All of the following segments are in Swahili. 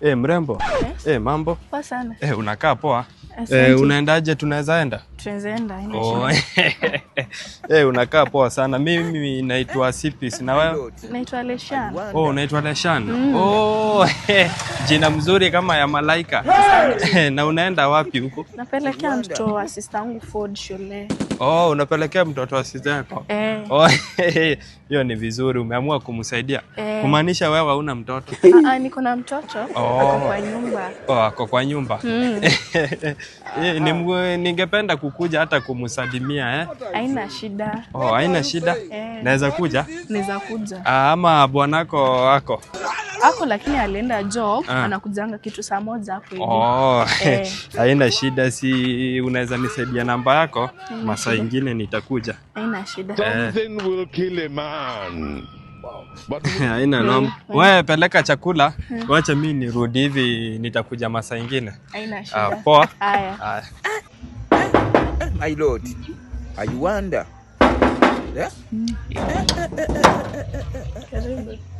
Eh, mrembo. Eh, eh, mambo. Poa sana. Eh, unakaa poa. Eh, unaendaje? Tunaweza enda, tunawezaenda. Oh. Hey, eh, unakaa poa sana. Mimi naitwa Sipis na wewe? Naitwa Leshan. Oh, unaitwa Leshan. Mm. Oh, jina mzuri kama ya malaika. Na unaenda wapi huko? Napelekea mtoto wa sister yangu Ford shule. Oh, unapelekea mtoto wa sister yako? Eh. Oh, hiyo ni vizuri, umeamua kumsaidia. Eh. Kumaanisha wewe hauna mtoto? Ah, ah, niko na mtoto. Oh. Ako kwa nyumba. Oh, ako kwa nyumba. Mm. Eh, ah. ningependa kukuja hata kumsalimia eh. Haina shida. Oh, haina shida eh. Naweza kuja? Naweza kuja. Ah, ama bwanako wako? ako, lakini alienda job ah. Anakujanga kitu saa moja hapo hivi. Oh, eh. Haina shida, si unaweza nisaidia namba yako masaa ingine nitakuja. Haina shida. Something will kill a man. Haina noma. Wewe peleka chakula, wacha mi nirudi hivi, nitakuja masaa ingine. Ah, poa. Eh?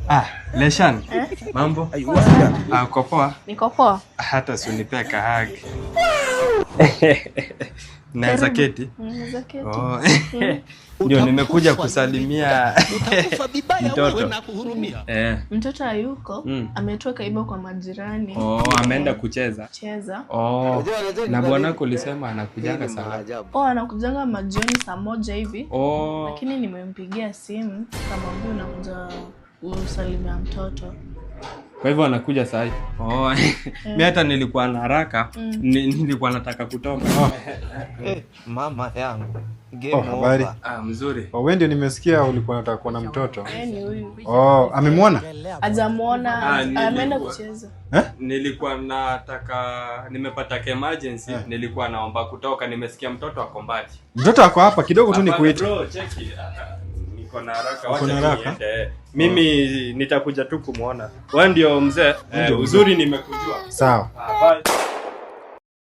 Ah, Leshan. Mambo? Ah, uko poa? Niko poa. Hata usinipe Naweza keti. Oh. Ndio nimekuja kusalimia mtoto. Eh. Mtoto ayuko ametua hmm. Ametoka kwa majirani. Oh, ameenda kucheza. Oh. Na bwanako ulisema anakujanga anakujanga majioni saa moja hivi. Lakini nimempigia simu kama huyu unakuja kusalimia mtoto kwa hivyo anakuja saa oh. Mm. mi hata nilikuwa na haraka mm. nilikuwa nataka kutoka oh. Eh, mama yangu oh, habari ah, mzuri oh, ndio nimesikia ulikuwa nataka kuona mtoto eh, oh, amemwona ah, ameenda kucheza eh? nilikuwa nataka nimepata emergency eh. nilikuwa naomba kutoka nimesikia mtoto ako mbali mtoto ako hapa kidogo tu nikuita uko na haraka, Mimi nitakuja tu kumwona wewe, ndio mzee eh, uzuri nimekujua. Sawa. Ah,